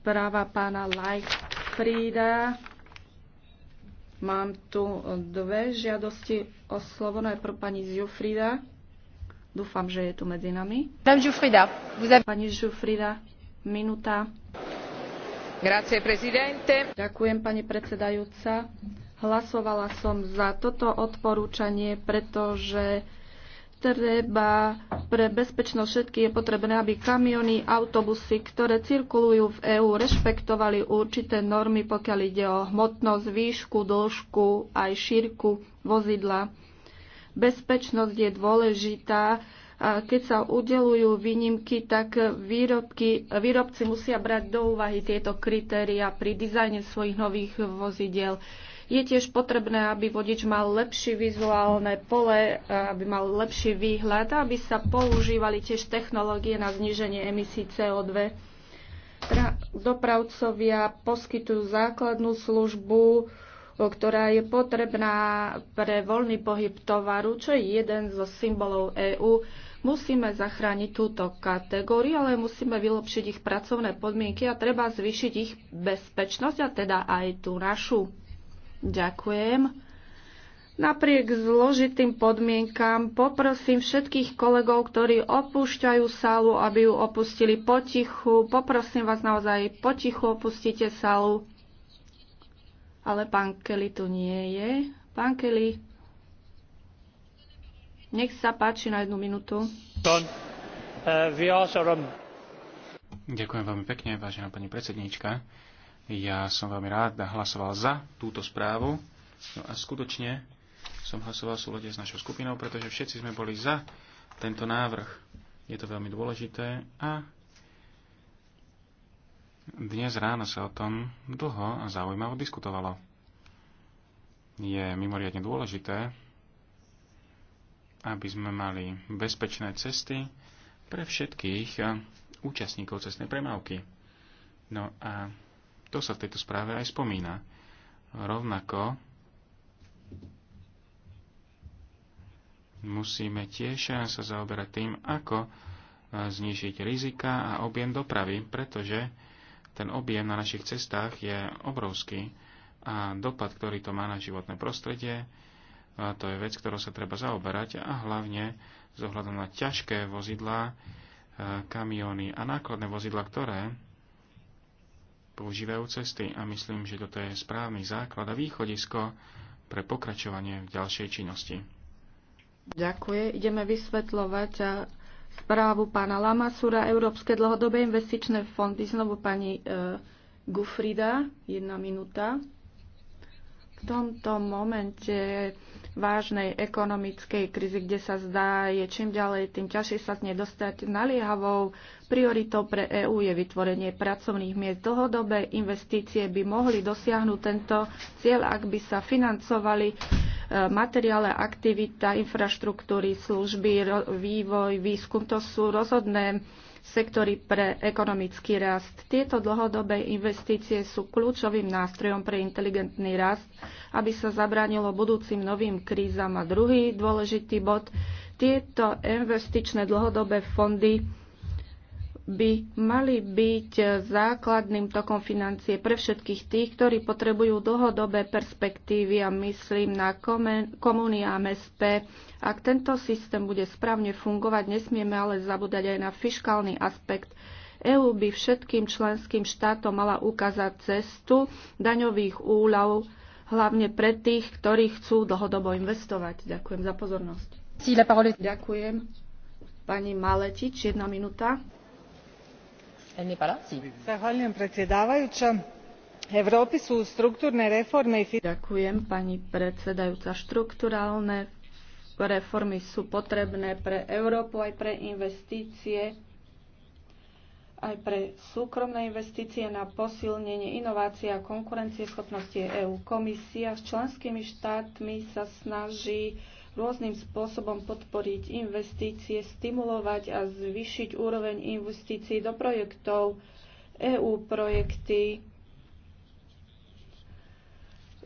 správa pána Lightfrida. Mám tu dve žiadosti o slovo, najprv pani Zjufrida. Dúfam, že je tu medzi nami. Pani Zjufrida, pani Zjufrida minúta. Grazie, presidente. Ďakujem, pani predsedajúca. Hlasovala som za toto odporúčanie, pretože treba pre bezpečnosť všetky je potrebné, aby kamiony, autobusy, ktoré cirkulujú v EÚ, rešpektovali určité normy, pokiaľ ide o hmotnosť, výšku, dĺžku, aj šírku vozidla. Bezpečnosť je dôležitá. A keď sa udelujú výnimky, tak výrobky, výrobci musia brať do úvahy tieto kritéria pri dizajne svojich nových vozidiel. Je tiež potrebné, aby vodič mal lepšie vizuálne pole, aby mal lepší výhľad, aby sa používali tiež technológie na zníženie emisí CO2. Dopravcovia poskytujú základnú službu, ktorá je potrebná pre voľný pohyb tovaru, čo je jeden zo symbolov EÚ. Musíme zachrániť túto kategóriu, ale musíme vylepšiť ich pracovné podmienky a treba zvýšiť ich bezpečnosť a teda aj tú našu. Ďakujem. Napriek zložitým podmienkám poprosím všetkých kolegov, ktorí opúšťajú sálu, aby ju opustili potichu. Poprosím vás naozaj, potichu opustite sálu. Ale pán Kelly tu nie je. Pán Kelly, nech sa páči na jednu minútu. Eh, Ďakujem veľmi pekne, vážená pani predsedníčka. Ja som veľmi rád hlasoval za túto správu. No a skutočne som hlasoval v súlade s našou skupinou, pretože všetci sme boli za tento návrh. Je to veľmi dôležité a dnes ráno sa o tom dlho a zaujímavo diskutovalo. Je mimoriadne dôležité, aby sme mali bezpečné cesty pre všetkých účastníkov cestnej premávky. No a to sa v tejto správe aj spomína. Rovnako musíme tiež sa zaoberať tým, ako e, znižiť rizika a objem dopravy, pretože ten objem na našich cestách je obrovský a dopad, ktorý to má na životné prostredie, e, to je vec, ktorou sa treba zaoberať a hlavne zohľadom na ťažké vozidlá, e, kamióny a nákladné vozidla, ktoré používajú cesty a myslím, že toto je správny základ a východisko pre pokračovanie v ďalšej činnosti. Ďakujem. Ideme vysvetľovať správu pána Lamasura, Európske dlhodobé investičné fondy. Znovu pani e, Gufrida, jedna minúta. V tomto momente vážnej ekonomickej krízy, kde sa zdá, je čím ďalej, tým ťažšie sa z nej dostať naliehavou Prioritou pre EÚ je vytvorenie pracovných miest. Dlhodobé investície by mohli dosiahnuť tento cieľ, ak by sa financovali e, materiále, aktivita, infraštruktúry, služby, vývoj, výskum. To sú rozhodné sektory pre ekonomický rast. Tieto dlhodobé investície sú kľúčovým nástrojom pre inteligentný rast, aby sa zabránilo budúcim novým krízam. A druhý dôležitý bod, tieto investičné dlhodobé fondy by mali byť základným tokom financie pre všetkých tých, ktorí potrebujú dlhodobé perspektívy a myslím na komuny a MSP. Ak tento systém bude správne fungovať, nesmieme ale zabúdať aj na fiskálny aspekt. EÚ by všetkým členským štátom mala ukázať cestu daňových úľav, hlavne pre tých, ktorí chcú dlhodobo investovať. Ďakujem za pozornosť. Ďakujem. Pani Maletič, jedna minúta gospođo predsjednice europi sú štruktúrne reformy. ďakujem pani predsedajúca štrukturálne reformy sú potrebné pre európu aj pre investície aj pre súkromné investície na posilnenie inovácií a konkurencieschopnosti eú. komisia s členskými štátmi sa snaží rôznym spôsobom podporiť investície, stimulovať a zvyšiť úroveň investícií do projektov, EU projekty,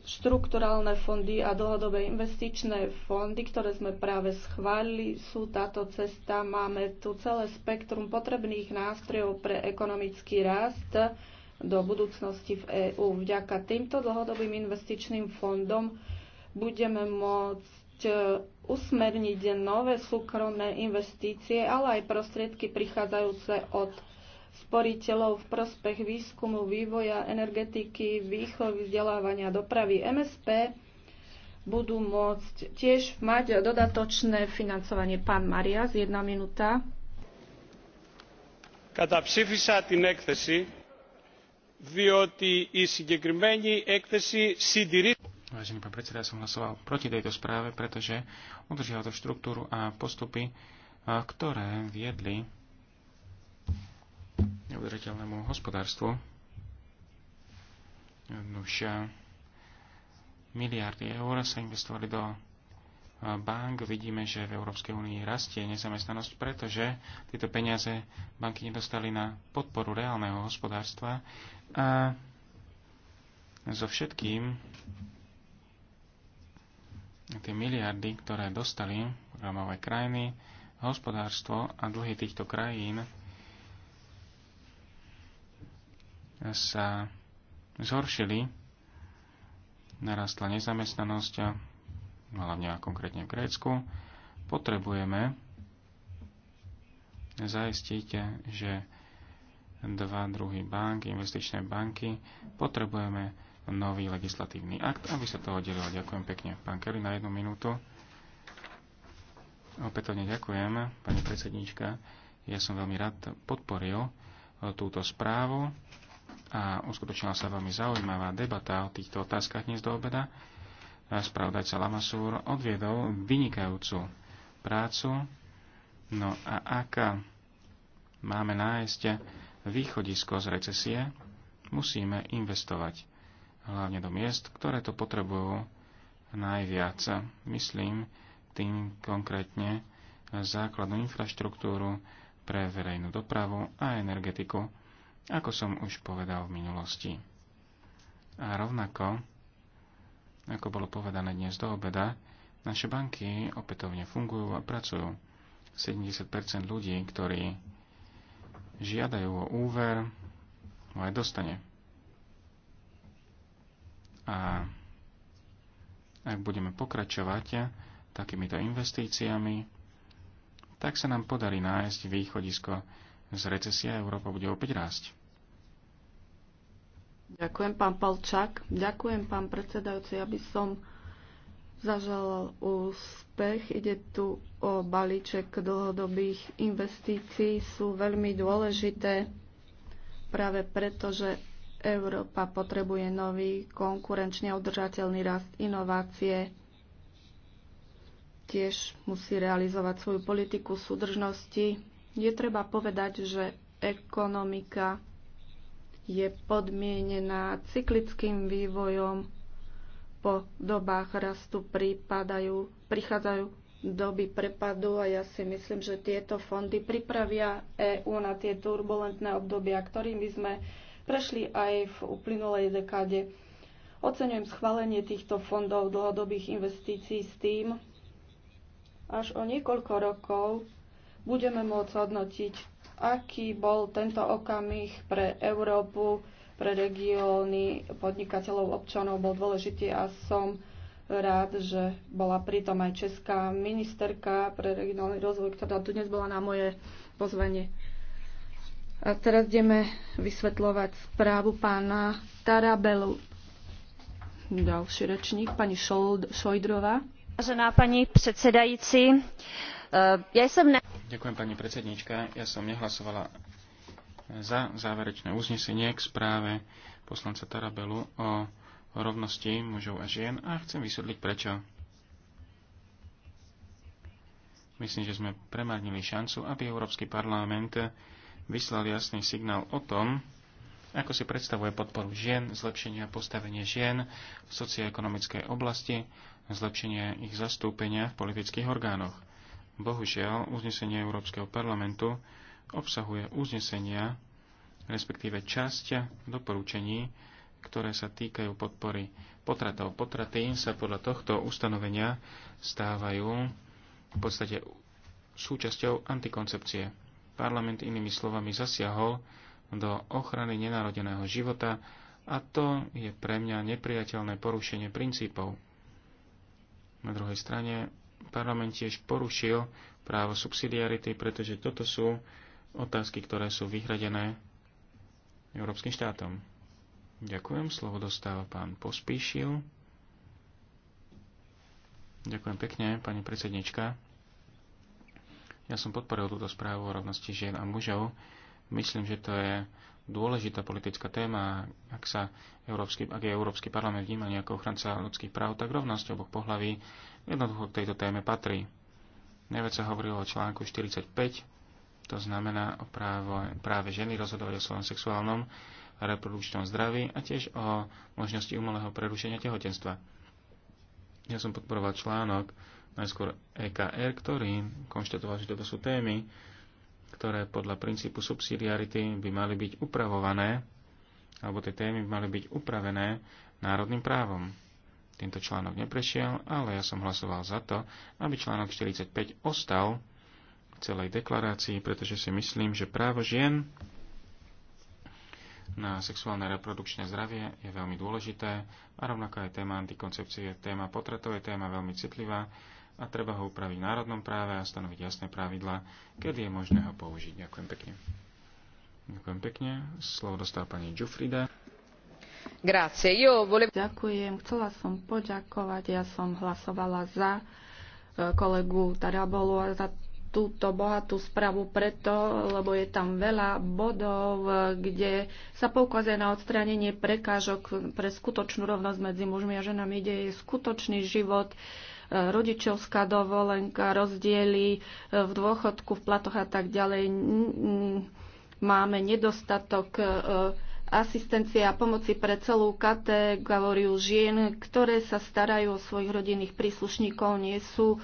štrukturálne fondy a dlhodobé investičné fondy, ktoré sme práve schválili, sú táto cesta. Máme tu celé spektrum potrebných nástrojov pre ekonomický rast do budúcnosti v EÚ. Vďaka týmto dlhodobým investičným fondom budeme môcť E, usmerniť nové súkromné investície, ale aj prostriedky prichádzajúce od sporiteľov v prospech výskumu, vývoja, energetiky, výchovy, vzdelávania, dopravy MSP budú môcť tiež mať dodatočné financovanie. Pán Marias, jedna minúta. Καταψήφισα την έκθεση διότι η συγκεκριμένη έκθεση συντηρεί Vážený pán predseda, ja som hlasoval proti tejto správe, pretože udržiava to štruktúru a postupy, ktoré viedli neudržateľnému hospodárstvu. Už miliardy eur sa investovali do bank. Vidíme, že v Európskej únii rastie nezamestnanosť, pretože tieto peniaze banky nedostali na podporu reálneho hospodárstva a so všetkým tie miliardy, ktoré dostali programové krajiny, hospodárstvo a dlhy týchto krajín sa zhoršili. Narastla nezamestnanosť, hlavne a konkrétne v Grécku. Potrebujeme zaistiť, že dva druhy bank, investičné banky, potrebujeme nový legislatívny akt, aby sa to oddelilo. Ďakujem pekne. Pán Kelly, na jednu minútu. Opätovne ďakujem, pani predsedníčka. Ja som veľmi rád podporil e, túto správu a uskutočnila sa veľmi zaujímavá debata o týchto otázkach dnes do obeda. E, spravodajca Lamasúr odviedol vynikajúcu prácu. No a ak máme nájsť východisko z recesie, musíme investovať hlavne do miest, ktoré to potrebujú najviac. Myslím tým konkrétne základnú infraštruktúru pre verejnú dopravu a energetiku, ako som už povedal v minulosti. A rovnako, ako bolo povedané dnes do obeda, naše banky opätovne fungujú a pracujú. 70% ľudí, ktorí žiadajú o úver, ho aj dostane. A ak budeme pokračovať takýmito investíciami, tak sa nám podarí nájsť východisko z recesie a Európa bude opäť rásť. Ďakujem, pán Palčák. Ďakujem, pán predsedajúci. Ja by som zaželal úspech. Ide tu o balíček dlhodobých investícií. Sú veľmi dôležité práve preto, že Európa potrebuje nový konkurenčne udržateľný rast inovácie. Tiež musí realizovať svoju politiku súdržnosti. Je treba povedať, že ekonomika je podmienená cyklickým vývojom. Po dobách rastu prípadajú, prichádzajú doby prepadu a ja si myslím, že tieto fondy pripravia EÚ na tie turbulentné obdobia, ktorým by sme prešli aj v uplynulej dekáde. Oceňujem schválenie týchto fondov dlhodobých investícií s tým, až o niekoľko rokov budeme môcť hodnotiť, aký bol tento okamih pre Európu, pre regióny, podnikateľov, občanov bol dôležitý a som rád, že bola pritom aj česká ministerka pre regionálny rozvoj, ktorá tu dnes bola na moje pozvanie. A teraz ideme vysvetľovať správu pána Tarabelu. Ďalší rečník, pani Šojdrová. Vážená pani predsedajúci, e, ja som... Ne... Ďakujem pani predsednička. Ja som nehlasovala za záverečné uznesenie k správe poslanca Tarabelu o rovnosti mužov a žien a chcem vysvetliť prečo. Myslím, že sme premárnili šancu, aby Európsky parlament vyslal jasný signál o tom, ako si predstavuje podporu žien, zlepšenia postavenie žien v socioekonomickej oblasti, zlepšenie ich zastúpenia v politických orgánoch. Bohužiaľ, uznesenie Európskeho parlamentu obsahuje uznesenia, respektíve časť doporúčení, ktoré sa týkajú podpory potratov. Potraty sa podľa tohto ustanovenia stávajú v podstate súčasťou antikoncepcie parlament inými slovami zasiahol do ochrany nenarodeného života a to je pre mňa nepriateľné porušenie princípov. Na druhej strane parlament tiež porušil právo subsidiarity, pretože toto sú otázky, ktoré sú vyhradené európskym štátom. Ďakujem, slovo dostáva pán Pospíšil. Ďakujem pekne, pani predsednička. Ja som podporil túto správu o rovnosti žien a mužov. Myslím, že to je dôležitá politická téma. Ak, sa Európsky, ak je Európsky parlament vníma ako ochranca ľudských práv, tak rovnosť oboch pohlaví jednoducho k tejto téme patrí. Najviac sa hovorilo o článku 45, to znamená o právo, práve ženy rozhodovať o svojom sexuálnom a reprodukčnom zdraví a tiež o možnosti umelého prerušenia tehotenstva. Ja som podporoval článok najskôr EKR, ktorý konštatoval, že toto sú témy, ktoré podľa princípu subsidiarity by mali byť upravované, alebo tie témy by mali byť upravené národným právom. Tento článok neprešiel, ale ja som hlasoval za to, aby článok 45 ostal v celej deklarácii, pretože si myslím, že právo žien na sexuálne reprodukčné zdravie je veľmi dôležité a rovnako aj téma antikoncepcie, téma potratov je téma veľmi citlivá a treba ho upraviť v národnom práve a stanoviť jasné pravidlá, kedy je možné ho použiť. Ďakujem pekne. Ďakujem pekne. Slovo dostáva pani Giuffrida. Grazie. Io Ďakujem. Chcela som poďakovať. Ja som hlasovala za e, kolegu Tarabolu a za túto bohatú správu preto, lebo je tam veľa bodov, e, kde sa poukazuje na odstránenie prekážok pre skutočnú rovnosť medzi mužmi a ženami, kde je skutočný život, rodičovská dovolenka, rozdiely e, v dôchodku, v platoch a tak ďalej. Máme nedostatok e, asistencie a pomoci pre celú kategóriu žien, ktoré sa starajú o svojich rodinných príslušníkov, nie sú e,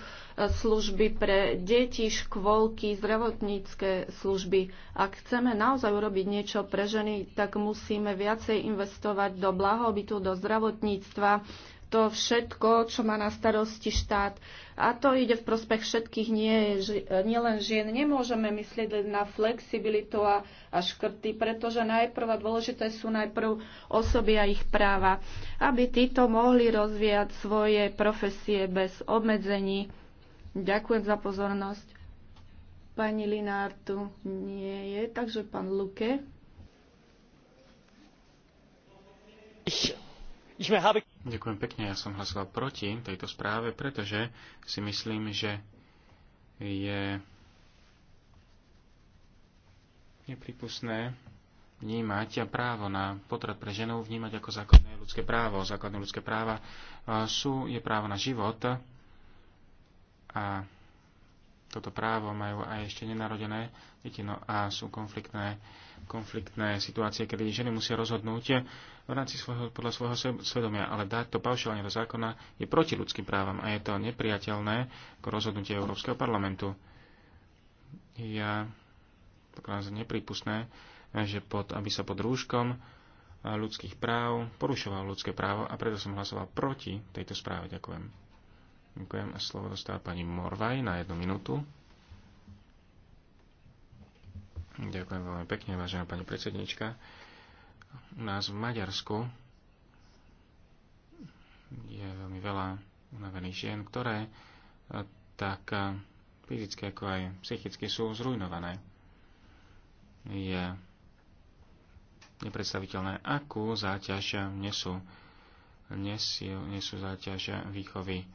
služby pre deti, škôlky, zdravotnícke služby. Ak chceme naozaj urobiť niečo pre ženy, tak musíme viacej investovať do blahobytu, do zdravotníctva, to všetko, čo má na starosti štát. A to ide v prospech všetkých, nie, nie len žien. Nemôžeme myslieť len na flexibilitu a, a škrty, pretože najprv a dôležité sú najprv osoby a ich práva, aby títo mohli rozvíjať svoje profesie bez obmedzení. Ďakujem za pozornosť. Pani Linár tu nie je, takže pán Luke. Ich Ďakujem pekne, ja som hlasoval proti tejto správe, pretože si myslím, že je nepripustné vnímať a právo na potrat pre ženu vnímať ako základné ľudské právo. Základné ľudské práva sú, je právo na život a toto právo majú aj ešte nenarodené deti no a sú konfliktné konfliktné situácie, kedy ženy musia rozhodnúť eh, v rámci svojho, podľa svojho svedomia, ale dať to paušovanie do zákona je proti ľudským právam a je to nepriateľné ako rozhodnutie Európskeho parlamentu. Ja pokladám za nepripustné, eh, že pod, aby sa pod rúškom eh, ľudských práv porušoval ľudské právo a preto som hlasoval proti tejto správe. Ďakujem. Ďakujem a slovo dostáva pani Morvaj na jednu minútu. Ďakujem veľmi pekne, vážená pani predsednička. U nás v Maďarsku je veľmi veľa unavených žien, ktoré eh, tak eh, fyzicky ako aj psychicky sú zrujnované. Je nepredstaviteľné, akú záťaž nesú, nesú, nesú záťaž výchovy eh,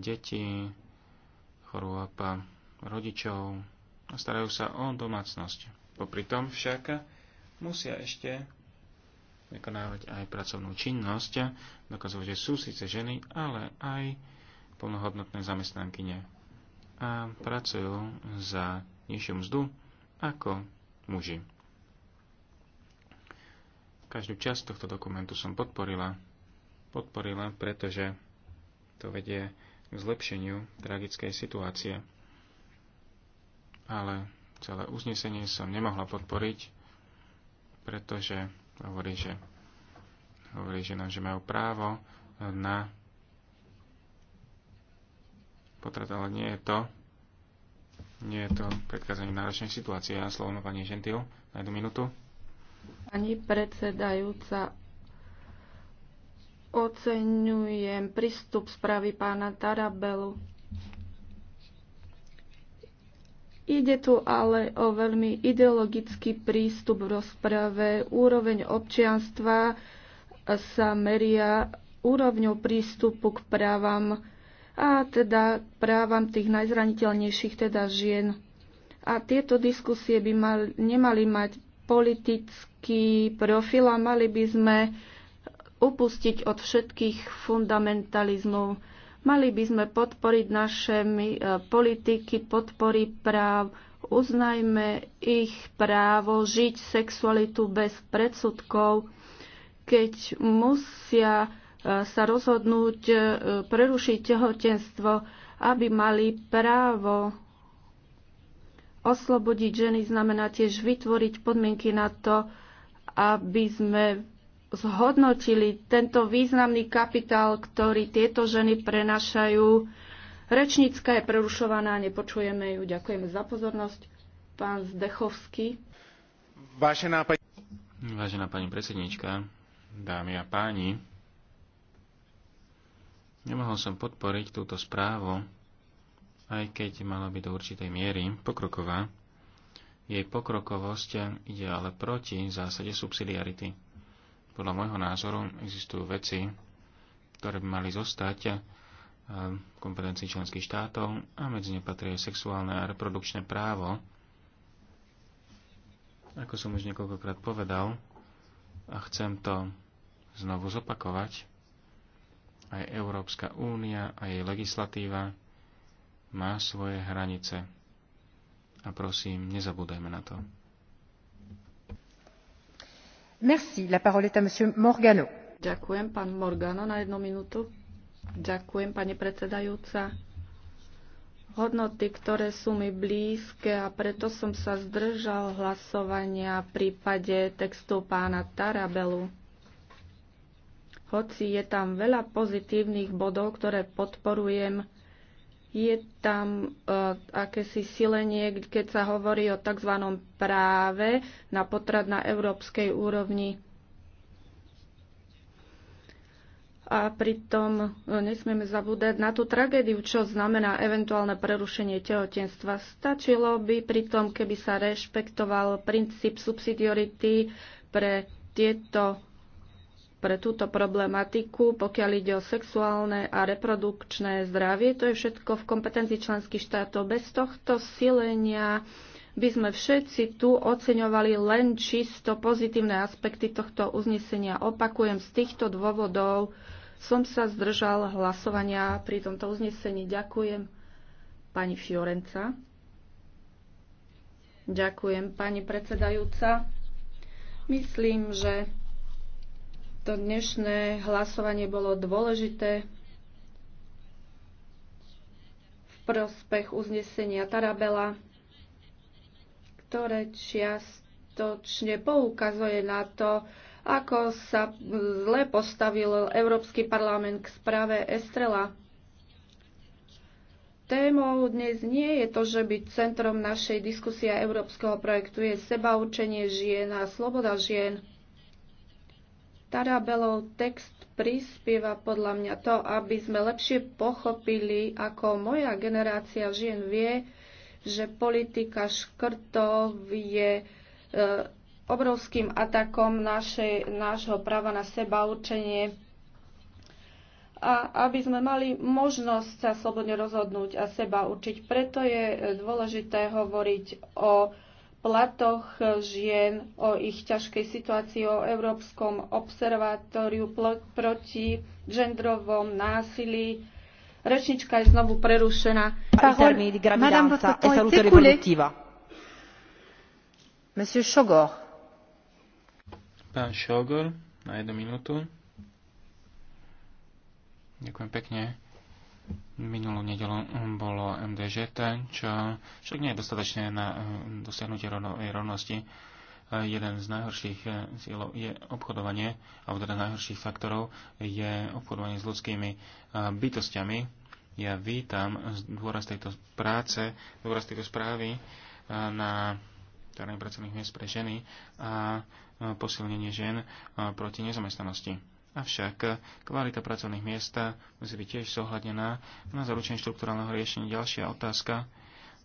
detí, chorôb rodičov, a starajú sa o domácnosť. Popri tom však musia ešte vykonávať aj pracovnú činnosť, dokazujú, že sú síce ženy, ale aj plnohodnotné zamestnankyne a pracujú za nižšiu mzdu ako muži. Každú časť tohto dokumentu som podporila. Podporila, pretože to vedie k zlepšeniu tragickej situácie ale celé uznesenie som nemohla podporiť, pretože hovorí, že, hovorí, že, nám, no, že majú právo na potrat, ale nie je to nie je to predkázanie náročnej situácie. Ja slovo pani Žentil na jednu minútu. Pani predsedajúca, oceňujem prístup správy pána Tarabelu Ide tu ale o veľmi ideologický prístup v rozprave. Úroveň občianstva sa meria úrovňou prístupu k právam a teda právam tých najzraniteľnejších, teda žien. A tieto diskusie by mal, nemali mať politický profil a mali by sme upustiť od všetkých fundamentalizmov. Mali by sme podporiť naše e, politiky podpory práv, uznajme ich právo žiť sexualitu bez predsudkov, keď musia e, sa rozhodnúť e, prerušiť tehotenstvo, aby mali právo oslobodiť ženy, znamená tiež vytvoriť podmienky na to, aby sme zhodnotili tento významný kapitál, ktorý tieto ženy prenašajú. Rečnícka je prerušovaná, nepočujeme ju. Ďakujeme za pozornosť. Pán Zdechovský. Vážená pani, Vážená pani predsednička, dámy a páni, nemohol som podporiť túto správu, aj keď mala byť do určitej miery pokroková. Jej pokrokovosť ide ale proti zásade subsidiarity podľa môjho názoru existujú veci, ktoré by mali zostať eh, v kompetencií členských štátov a medzi ne patrí sexuálne a reprodukčné právo. Ako som už niekoľkokrát povedal, a chcem to znovu zopakovať, aj Európska únia a jej legislatíva má svoje hranice. A prosím, nezabúdajme na to. Ďakujem, pán Morgano, na jednu minútu. Ďakujem, pani predsedajúca. Hodnoty, ktoré sú mi blízke a preto som sa zdržal hlasovania v prípade textu pána Tarabelu. Hoci je tam veľa pozitívnych bodov, ktoré podporujem, je tam uh, akési silenie, keď sa hovorí o tzv. práve na potrat na európskej úrovni. A pritom uh, nesmieme zabúdať na tú tragédiu, čo znamená eventuálne prerušenie tehotenstva. Stačilo by pritom, keby sa rešpektoval princíp subsidiority pre tieto pre túto problematiku, pokiaľ ide o sexuálne a reprodukčné zdravie. To je všetko v kompetencii členských štátov. Bez tohto silenia by sme všetci tu oceňovali len čisto pozitívne aspekty tohto uznesenia. Opakujem, z týchto dôvodov som sa zdržal hlasovania pri tomto uznesení. Ďakujem pani Fiorenca. Ďakujem pani predsedajúca. Myslím, že to dnešné hlasovanie bolo dôležité v prospech uznesenia Tarabela, ktoré čiastočne poukazuje na to, ako sa zle postavil Európsky parlament k správe Estrela. Témou dnes nie je to, že byť centrom našej diskusie európskeho projektu je sebaúčenie žien a sloboda žien. Tarabelov text prispieva podľa mňa to, aby sme lepšie pochopili, ako moja generácia žien vie, že politika škrtov je e, obrovským atakom naše, nášho práva na seba určenie a aby sme mali možnosť sa slobodne rozhodnúť a seba učiť. Preto je e, dôležité hovoriť o platoch žien, o ich ťažkej situácii, o Európskom observatóriu proti gendrovom násilí. Rečnička je znovu prerušená. Monsieur Chogor. Pán Chogor, na jednu minútu. Ďakujem pekne. Minulú nedelu bolo MDŽ, čo však nie je dostatočné na eh, dosiahnutie eh, rovnosti. Eh, jeden z najhorších cieľov je obchodovanie, alebo teda najhorších faktorov je obchodovanie s ľudskými bytostiami. Ja vítam dôraz tejto práce, dôraz tejto správy na vytváranie pracovných miest pre ženy a posilnenie žien proti nezamestnanosti Avšak eh, kvalita pracovných miest eh, musí byť tiež zohľadnená na zaručenie štruktúrálneho riešenia. Ďalšia otázka,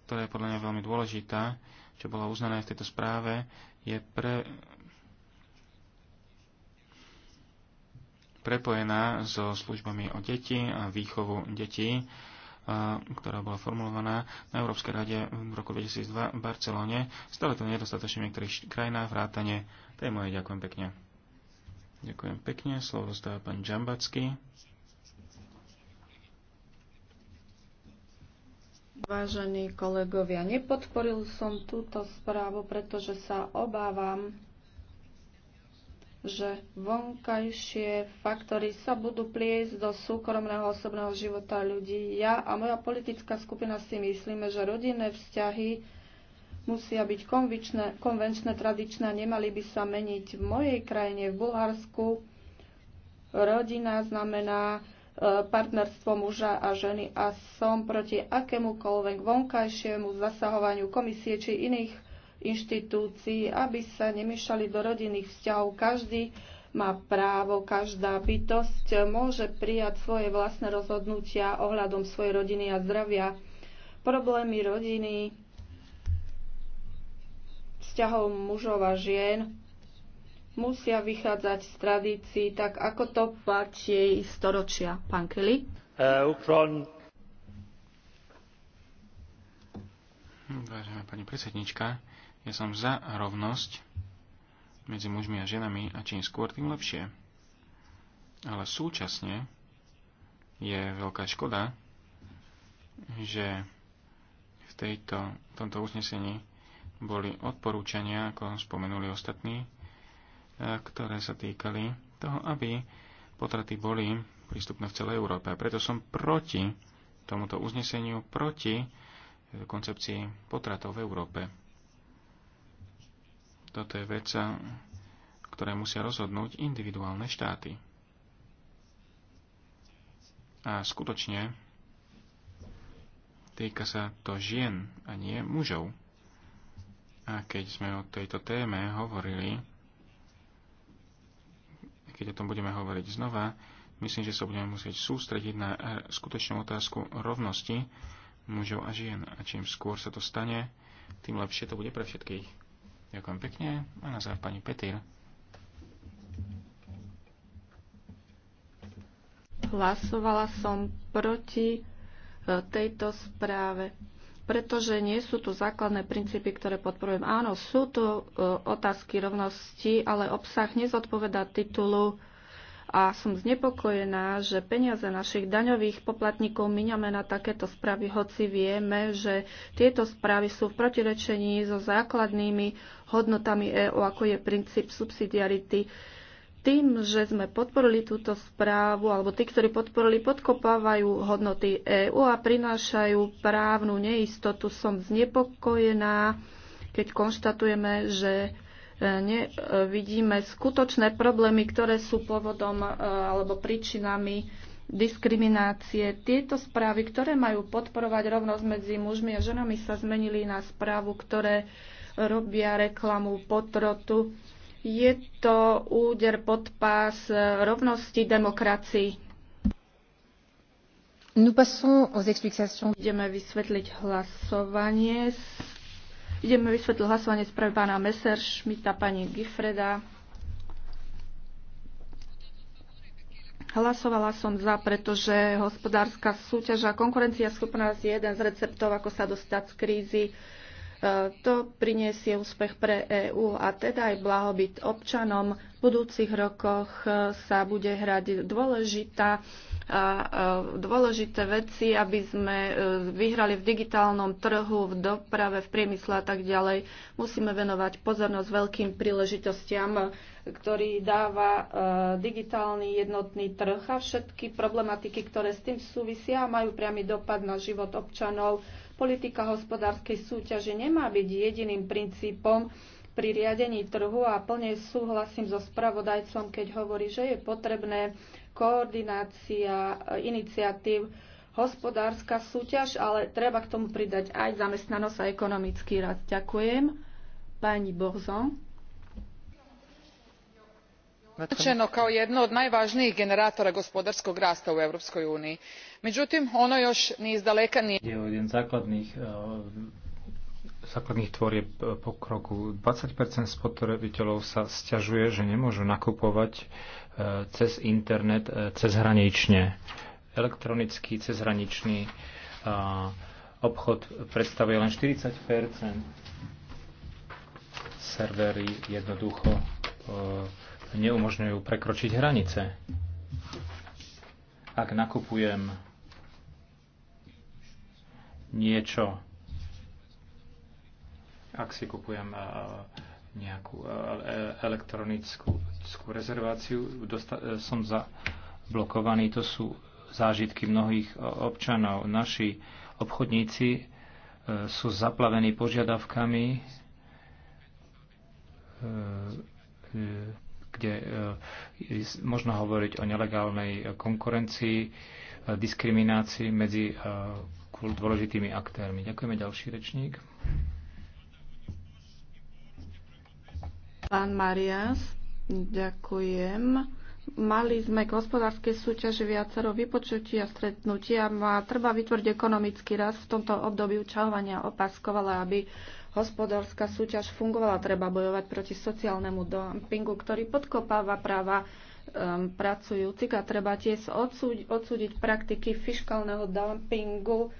ktorá je podľa mňa veľmi dôležitá, čo bolo uznané v tejto správe, je pre, prepojená so službami o deti a výchovu detí, eh, ktorá bola formulovaná na Európskej rade v roku 2002 v Barcelone. Stále to nedostatočne v niektorých krajinách vrátane. To je moje ďakujem pekne. Ďakujem pekne. Slovo zdá pán Džambacký. Vážení kolegovia, nepodporil som túto správu, pretože sa obávam, že vonkajšie faktory sa budú pliesť do súkromného osobného života ľudí. Ja a moja politická skupina si myslíme, že rodinné vzťahy musia byť konvičné, konvenčné, tradičné, nemali by sa meniť. V mojej krajine, v Bulharsku, rodina znamená e, partnerstvo muža a ženy a som proti akémukoľvek vonkajšiemu zasahovaniu komisie či iných inštitúcií, aby sa nemýšali do rodinných vzťahov. Každý má právo, každá bytosť môže prijať svoje vlastné rozhodnutia ohľadom svojej rodiny a zdravia. Problémy rodiny vzťahov mužov a žien musia vychádzať z tradícií, tak ako to platí storočia. Pán Kelly? Eh, Vážená pani predsednička, ja som za rovnosť medzi mužmi a ženami a čím skôr, tým lepšie. Ale súčasne je veľká škoda, že v tejto, v tomto uznesení boli odporúčania, ako spomenuli ostatní, e, ktoré sa týkali toho, aby potraty boli prístupné v celej Európe. A preto som proti tomuto uzneseniu, proti e, koncepcii potratov v Európe. Toto je vec, e, ktoré musia rozhodnúť individuálne štáty. A skutočne týka sa to žien a nie mužov. A keď sme o tejto téme hovorili, keď o tom budeme hovoriť znova, myslím, že sa budeme musieť sústrediť na skutočnú otázku rovnosti mužov a žien. A čím skôr sa to stane, tým lepšie to bude pre všetkých. Ďakujem pekne a na záver pani Petir. Hlasovala som proti e, tejto správe pretože nie sú tu základné princípy, ktoré podporujem. Áno, sú tu e, otázky rovnosti, ale obsah nezodpoveda titulu a som znepokojená, že peniaze našich daňových poplatníkov miňame na takéto správy, hoci vieme, že tieto správy sú v protirečení so základnými hodnotami EÚ, ako je princíp subsidiarity tým, že sme podporili túto správu, alebo tí, ktorí podporili, podkopávajú hodnoty EÚ a prinášajú právnu neistotu. Som znepokojená, keď konštatujeme, že e, nevidíme vidíme skutočné problémy, ktoré sú pôvodom e, alebo príčinami diskriminácie. Tieto správy, ktoré majú podporovať rovnosť medzi mužmi a ženami, sa zmenili na správu, ktoré robia reklamu potrotu je to úder pod pás rovnosti demokracii. Nous passons aux explications. Ideme vysvetliť hlasovanie. Ideme vysvetliť hlasovanie prvé pána Messerschmitta, pani Gifreda. Hlasovala som za, pretože hospodárska súťaž a konkurencia schopná je jeden z receptov, ako sa dostať z krízy. To priniesie úspech pre EÚ a teda aj blahobyt občanom. V budúcich rokoch e, sa bude hrať dôležitá a e, e, dôležité veci, aby sme vyhrali v digitálnom trhu, v doprave, v priemysle a tak ďalej. Musíme venovať pozornosť veľkým príležitostiam, ktorý dáva digitálny jednotný trh a všetky problematiky, ktoré s tým súvisia a majú priamy dopad na život občanov Politika hospodárskej súťaže nemá byť jediným princípom pri riadení trhu a plne súhlasím so spravodajcom, keď hovorí, že je potrebné koordinácia iniciatív hospodárska súťaž, ale treba k tomu pridať aj zamestnanosť a ekonomický rast. Ďakujem. Pani Borzon gospoo no, kao jedno od najvanijih generatora gospodarskog rasta u europskoj uniji. meutim ono jo ni izdaleka nije. je e, tvorieb pokroku. spotrebiteľov sa sťažuje, že nemôžu nakupovať e, cez internet e, cezhranične. Elektronický cezhraničný obchod predstavuje len 40 Servery jednoducho neumožňujú prekročiť hranice. Ak nakupujem niečo, ak si kupujem e, nejakú e, e, elektronickú rezerváciu, som zablokovaný. To sú zážitky mnohých občanov. Naši obchodníci sú zaplavení požiadavkami kde e, možno hovoriť o nelegálnej konkurencii, e, diskriminácii medzi e, dôležitými aktérmi. Ďakujeme ďalší rečník. Pán Marias, ďakujem. Mali sme k hospodárskej súťaži viacero vypočutí a stretnutia no a treba vytvoriť ekonomický rast v tomto období učahovania opaskovala, aby hospodárska súťaž fungovala. Treba bojovať proti sociálnemu dumpingu, ktorý podkopáva práva um, pracujúcich a treba tiež odsúdiť, odsúdiť praktiky fiskálneho dumpingu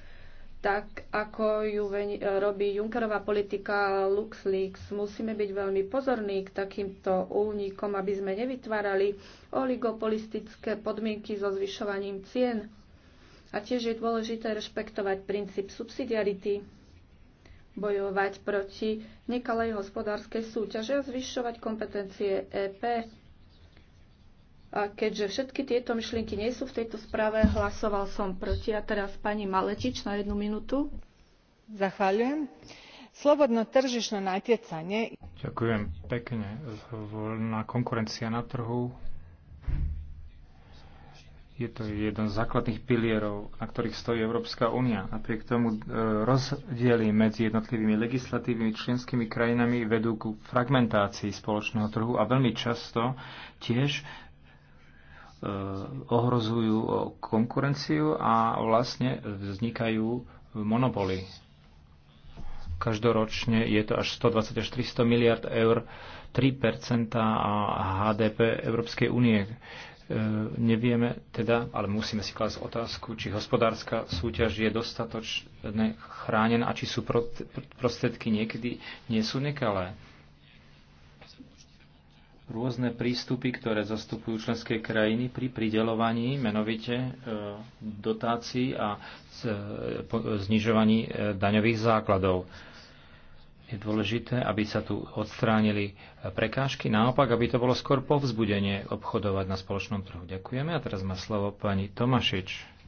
tak ako ju robí Junckerová politika LuxLeaks. Musíme byť veľmi pozorní k takýmto únikom, aby sme nevytvárali oligopolistické podmienky so zvyšovaním cien. A tiež je dôležité rešpektovať princíp subsidiarity, bojovať proti nekalej hospodárskej súťaže a zvyšovať kompetencie EP a keďže všetky tieto myšlienky nie sú v tejto správe, hlasoval som proti. A teraz pani Maletič na jednu minútu. Zachváľujem. Slobodno tržišno natiecanie. Ďakujem pekne. Voľná konkurencia na trhu je to jeden z základných pilierov, na ktorých stojí Európska únia. Napriek tomu e, rozdiely medzi jednotlivými legislatívnymi členskými krajinami vedú ku fragmentácii spoločného trhu a veľmi často tiež Eh, ohrozujú eh, konkurenciu a vlastne vznikajú monopoly. Každoročne je to až 120 až 300 miliard eur, 3 HDP Európskej únie. Eh, nevieme teda, ale musíme si klásť otázku, či hospodárska súťaž je dostatočne chránená a či sú prostriedky niekedy nie sú nekalé rôzne prístupy, ktoré zastupujú členské krajiny pri pridelovaní menovite e, dotácií a e, znižovaní e, daňových základov. Je dôležité, aby sa tu odstránili prekážky, naopak, aby to bolo skôr povzbudenie obchodovať na spoločnom trhu. Ďakujeme a teraz má slovo pani Tomašič.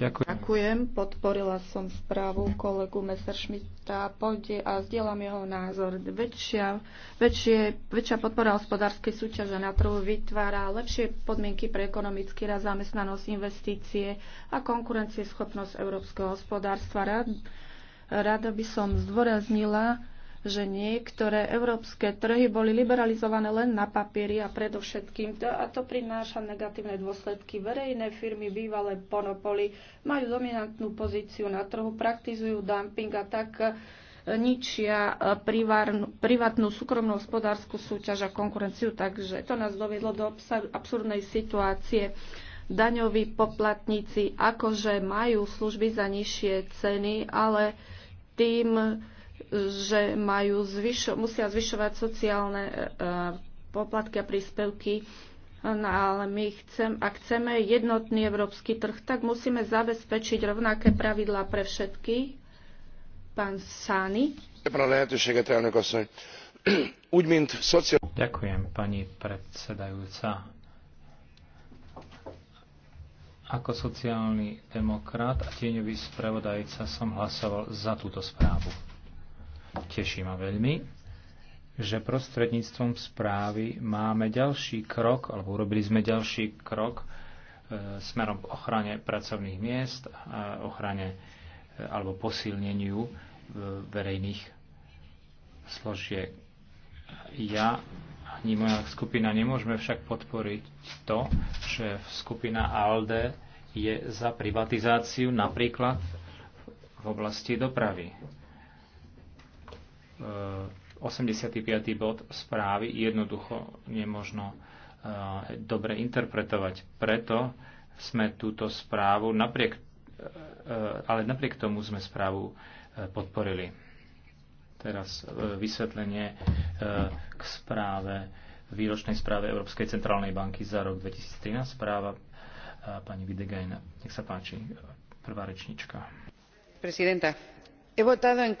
Ďakujem. Ďakujem. Podporila som správu kolegu Messerschmitta Podi a zdieľam jeho názor. Väčšia, väčšie, väčšia podpora hospodárskej súťaže na trhu vytvára lepšie podmienky pre ekonomický rast, zamestnanosť, investície a konkurencieschopnosť európskeho hospodárstva. rada by som zdôraznila, že niektoré európske trhy boli liberalizované len na papieri a predovšetkým to, a to prináša negatívne dôsledky. Verejné firmy, bývalé monopoly majú dominantnú pozíciu na trhu, praktizujú dumping a tak eh, ničia eh, privárnu, privátnu súkromnú hospodárskú súťaž a konkurenciu, takže to nás dovedlo do absurdnej situácie. Daňoví poplatníci akože majú služby za nižšie ceny, ale tým že majú zvyšo, musia zvyšovať sociálne e, e, poplatky a príspevky, no ale my chcem, ak chceme jednotný európsky trh, tak musíme zabezpečiť rovnaké pravidlá pre všetky. Pán Sány. Ďakujem, pani predsedajúca. Ako sociálny demokrat a tieňový spravodajca som hlasoval za túto správu. Teší ma veľmi, že prostredníctvom správy máme ďalší krok, alebo urobili sme ďalší krok e, smerom k ochrane pracovných miest a ochrane e, alebo posilneniu e, verejných složiek. Ja ani moja skupina nemôžeme však podporiť to, že skupina ALDE je za privatizáciu napríklad v oblasti dopravy. 85. E, bod správy jednoducho nemožno e, dobre interpretovať. Preto sme túto správu, napriek, e, ale napriek tomu sme správu podporili. Teraz vysvetlenie k správe, výročnej správe Európskej centrálnej banky za rok 2013. Správa pani Videgajna. Nech sa páči, prvá rečnička. Prezidenta, he votado en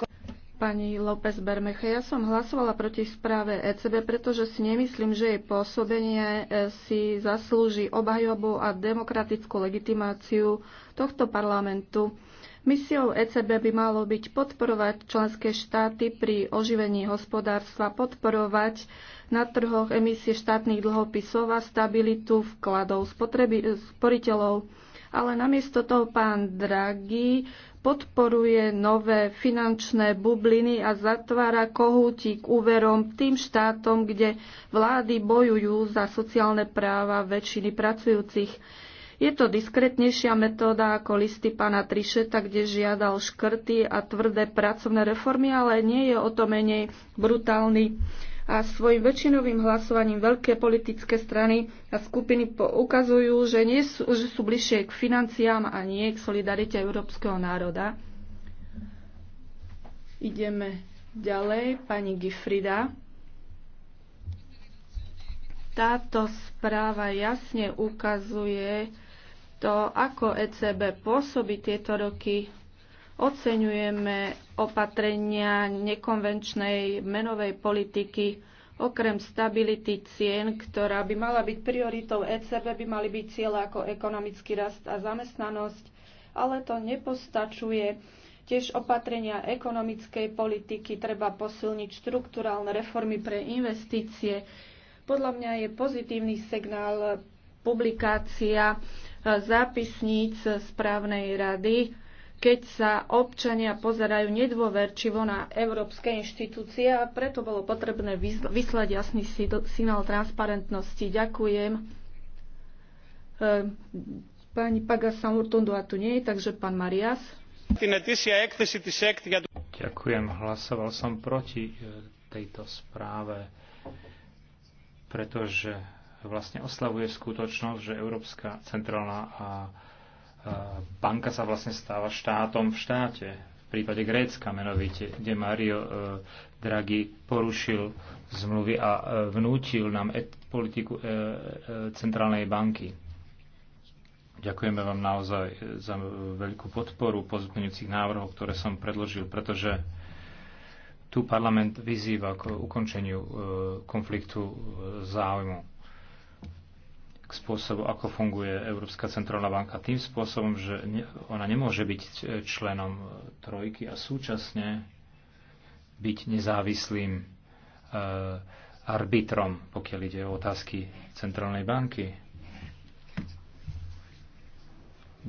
Pani López Bermecha, ja som hlasovala proti správe ECB, pretože si nemyslím, že jej pôsobenie e, si zaslúži obhajobu a demokratickú legitimáciu tohto parlamentu. Misiou ECB by malo byť podporovať členské štáty pri oživení hospodárstva, podporovať na trhoch emisie štátnych dlhopisov a stabilitu vkladov e, sporiteľov. Ale namiesto toho pán Draghi podporuje nové finančné bubliny a zatvára kohútik úverom tým štátom, kde vlády bojujú za sociálne práva väčšiny pracujúcich. Je to diskretnejšia metóda ako listy pána Trišeta, kde žiadal škrty a tvrdé pracovné reformy, ale nie je o to menej brutálny a svojim väčšinovým hlasovaním veľké politické strany a skupiny ukazujú, že, nie sú, že sú bližšie k financiám a nie k solidarite európskeho národa. Ideme ďalej. Pani Gifrida. Táto správa jasne ukazuje to, ako ECB pôsobí tieto roky Oceňujeme opatrenia nekonvenčnej menovej politiky, Okrem stability cien, ktorá by mala byť prioritou ECB, by mali byť cieľe ako ekonomický rast a zamestnanosť, ale to nepostačuje. Tiež opatrenia ekonomickej politiky treba posilniť štruktúralne reformy pre investície. Podľa mňa je pozitívny signál publikácia e, zápisníc správnej rady keď sa občania pozerajú nedôverčivo na európske inštitúcie a preto bolo potrebné vyslať jasný signál transparentnosti. Ďakujem. E, pani Samurtundu a tu nie takže pán Marias. Ďakujem, hlasoval som proti e, tejto správe, pretože vlastne oslavuje skutočnosť, že Európska centrálna a banka sa vlastne stáva štátom v štáte. V prípade Grécka menovite, kde Mario e, Draghi porušil zmluvy a e, vnútil nám politiku e, e- centrálnej banky. Ďakujeme vám naozaj za veľkú podporu pozbudňujúcich návrhov, ktoré som predložil, pretože tu parlament vyzýva k ukončeniu konfliktu záujmu k spôsobu, ako funguje Európska centrálna banka tým spôsobom, že ona nemôže byť členom trojky a súčasne byť nezávislým e, arbitrom, pokiaľ ide o otázky centrálnej banky.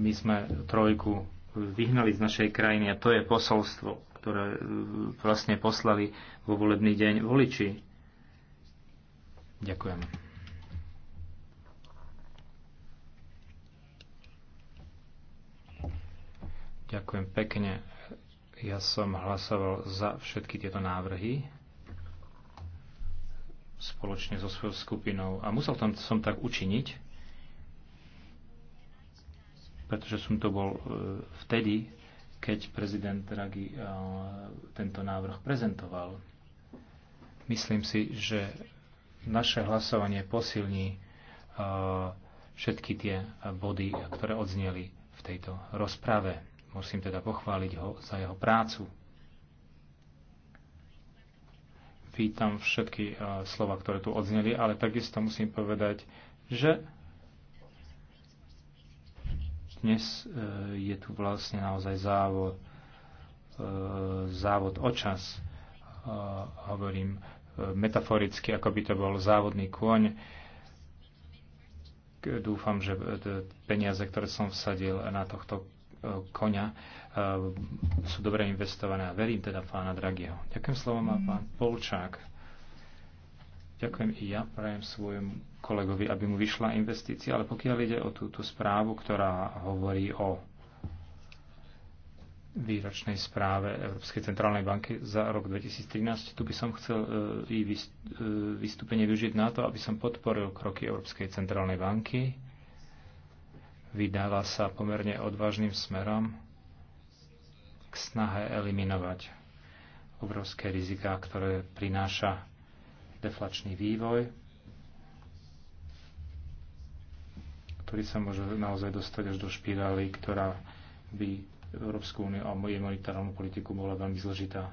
My sme trojku vyhnali z našej krajiny a to je posolstvo, ktoré e, vlastne poslali vo volebný deň voliči. Ďakujem. Ďakujem pekne. Ja som hlasoval za všetky tieto návrhy spoločne so svojou skupinou a musel tam, som tak učiniť, pretože som to bol e, vtedy, keď prezident Draghi e, tento návrh prezentoval. Myslím si, že naše hlasovanie posilní e, všetky tie body, ktoré odzneli v tejto rozprave. Musím teda pochváliť ho za jeho prácu. Vítam všetky e, slova, ktoré tu odzneli, ale takisto musím povedať, že dnes e, je tu vlastne naozaj závod, e, závod o čas. Hovorím metaforicky, ako by to bol závodný kôň dúfam, že peniaze, ktoré som vsadil na tohto koňa e, sú dobre investované a verím teda pána Dragieho. Ďakujem slovo má pán Polčák. Ďakujem i ja, prajem svojemu kolegovi, aby mu vyšla investícia, ale pokiaľ ide o túto správu, ktorá hovorí o výročnej správe Európskej centrálnej banky za rok 2013. Tu by som chcel e, i e, vystúpenie využiť na to, aby som podporil kroky Európskej centrálnej banky Vydáva sa pomerne odvážnym smerom k snahe eliminovať obrovské riziká, ktoré prináša deflačný vývoj, ktorý sa môže naozaj dostať až do špirály, ktorá by Európsku úniu a moje monetárnu politiku bola veľmi zložitá.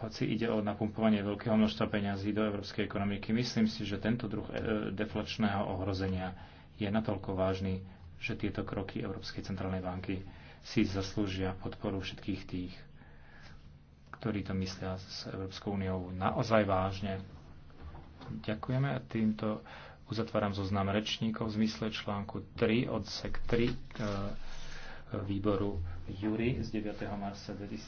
hoci ide o napumpovanie veľkého množstva peňazí do európskej ekonomiky, myslím si, že tento druh e, deflačného ohrozenia je natoľko vážny, že tieto kroky Európskej centrálnej banky si zaslúžia podporu všetkých tých, ktorí to myslia s Európskou úniou naozaj vážne. Ďakujeme a týmto uzatváram zoznam rečníkov v zmysle článku 3 odsek 3 e, výboru Jury z 9. marca 2000.